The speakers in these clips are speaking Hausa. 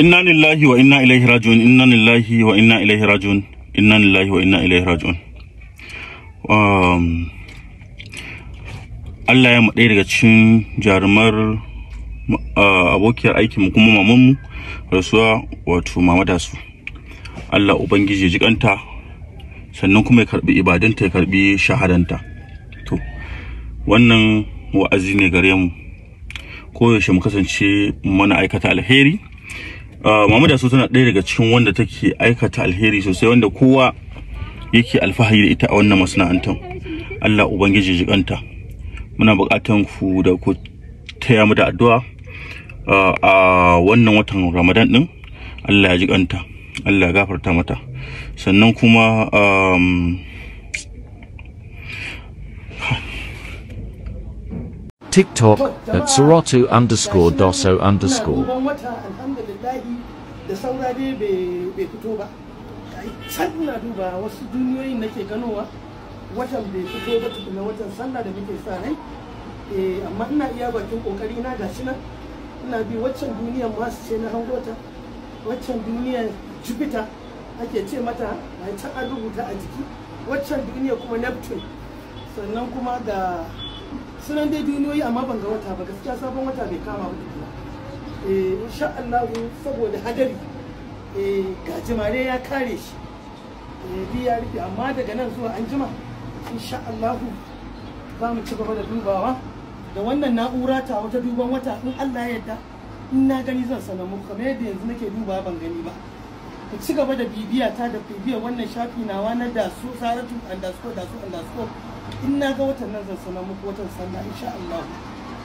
inna lillahi wa inna ilaihi rajiun inna lillahi wa inna ilaihi rajiun inna lillahi wa inna ilaihi rajiun um, Allah ya ɗaya daga cikin jarumar uh, abokiyar aikin mu kuma maman mu rasuwa wato mama da su Allah ubangiji jikanta sannan kuma ya karbi ibadanta ya karbi shahadanta to wannan wa'azi ne gare mu koyaushe mu kasance mana aikata alheri mamu da su tana ɗaya daga cikin wanda take aikata alheri sosai wanda kowa yake alfahari da ita a wannan masana'antar Allah ubangiji jikanta muna buƙatan ku da ku taya mu da addu'a ah, a wannan watan Ramadan ɗin Allah ya jikanta Allah ya gafarta mata sannan kuma TikTok at Saratu underscore Doso underscore. daɗi da saura dai bai fito ba can ina duba wasu duniyoyin nake ganowa watan bai fito ba tukuna watan sallah da muke sa rai eh, amma ina iya bakin kokari na gashi nan ina bi waccan duniyan masu ce na hangota waccan duniyan jupiter ake ce mata a can an rubuta a jiki waccan duniya kuma neptune sannan kuma ga sunan dai duniyoyi amma ban ga wata ba gaskiya sabon wata bai kama ba eh insha Allah saboda hadari eh gajimare ya kare shi eh, bi ya rufe amma daga nan zuwa jima, insha Allah za mu ci gaba da dubawa da wannan na'ura ta wata duban wata in Allah ya yarda in na gani zan sana mu kamar yadda yanzu nake dubawa ban gani ba ku ci gaba da bibiya ta da bibiyar wannan shafi nawa na da su saratu andasko da su in na ga watan nan zan sana muku watan sallah insha Allah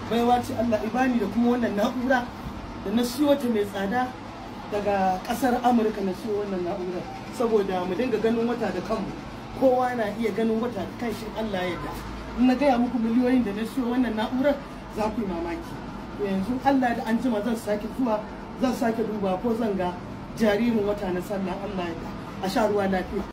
baiwa ce Allah ibani da kuma wannan na'ura da na siyo ta mai tsada daga kasar amurka na siyo wannan na'urar saboda mu dinga ganin wata da kanmu kowa na iya ganin wata da kan shi allah yadda in na gaya muku miliyoyin da na siyo wannan na'urar za ku yi mamaki to yanzu allah da an jima zan sake zuwa zan sake duba ko zan ga jaririn wata na sallah allah yadda a sha ruwa lafiya